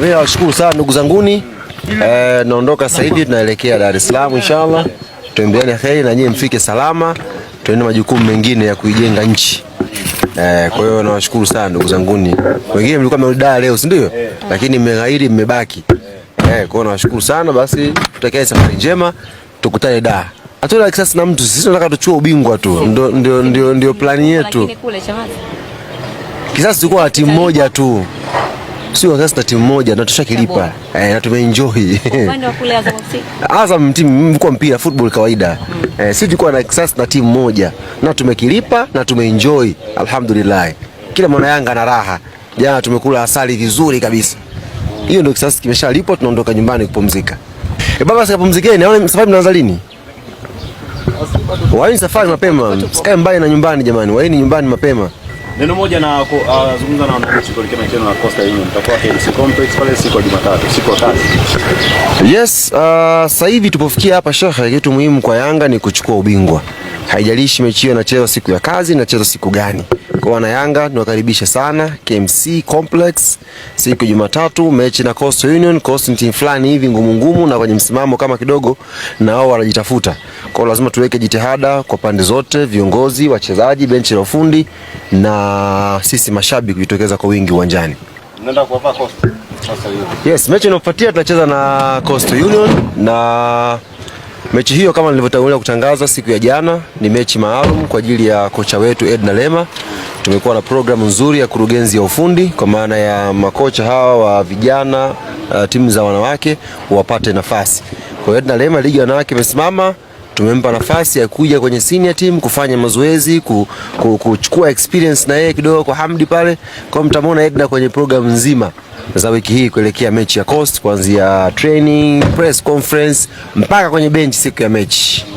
Mimi nawashukuru sana ndugu zanguni. Eh, naondoka sasa hivi tunaelekea Dar es Salaam inshallah. Tutembeane heri na nyinyi mfike salama, tuende majukumu mengine ya kuijenga nchi. Eh, kwa hiyo nawashukuru sana ndugu zanguni. Wengine mlikuwa mmedaa leo, si ndio? Lakini mmeghairi mmebaki. Eh, kwa hiyo nawashukuru sana basi, tutakaye safari njema, tukutane Dar. Hatuna kisasi na mtu, sisi tunataka tuchue ubingwa tu. Ndio ndio ndio plani yetu. Kisasi tulikuwa na timu moja tu sio sasa na timu moja na tushakilipa eh, na tumeenjoy. Upande wa kule Azam FC. timu mko mpira football kawaida. Mm. Eh, sisi tulikuwa na sasa na timu moja na tumekilipa na tumeenjoy. Alhamdulillah. Kila mwana Yanga na raha. Jana tumekula asali vizuri kabisa. Hiyo ndio sasa kimeshalipwa, tunaondoka nyumbani kupumzika. E, baba sasa pumzikeni. naona safari mnaanza lini? Waini safari mapema, sikae mbali na nyumbani jamani, waini nyumbani mapema. Neno moja na kuzungumza ah, na wananchi kwa kile na Coastal Union. Mtakuwa KMC Complex pale siku ya Jumatatu, siku tatu. Yes, uh, sasa hivi tupofikia hapa shekhe, kitu muhimu kwa Yanga ni kuchukua ubingwa. Haijalishi mechi hiyo inachezwa siku ya kazi, inachezwa siku gani. Kwa wana Yanga niwakaribisha sana KMC Complex siku ya Jumatatu, mechi na Coastal Union. Coastal team fulani hivi ngumu ngumu na kwenye msimamo kama kidogo na wao wanajitafuta kwao. lazima tuweke jitihada kwa pande zote, viongozi, wachezaji, benchi la ufundi na sisi mashabiki kujitokeza kwa wingi uwanjani. Yes, mechi inayofuatia tunacheza na Coastal Union na mechi hiyo kama nilivyotangulia kutangaza siku ya jana, ni mechi maalum kwa ajili ya kocha wetu Edna Lema. Tumekuwa na programu nzuri ya kurugenzi ya ufundi kwa maana ya makocha hawa wa vijana, uh, timu za wanawake wapate nafasi. Kwa hiyo Edna Lema, ligi ya wanawake imesimama tumempa nafasi ya kuja kwenye senior team kufanya mazoezi, kuchukua experience na yeye kidogo kwa Hamdi pale, kwa mtamwona Edna kwenye program nzima za wiki hii kuelekea mechi ya Coast, kuanzia training, press conference mpaka kwenye benchi siku ya mechi.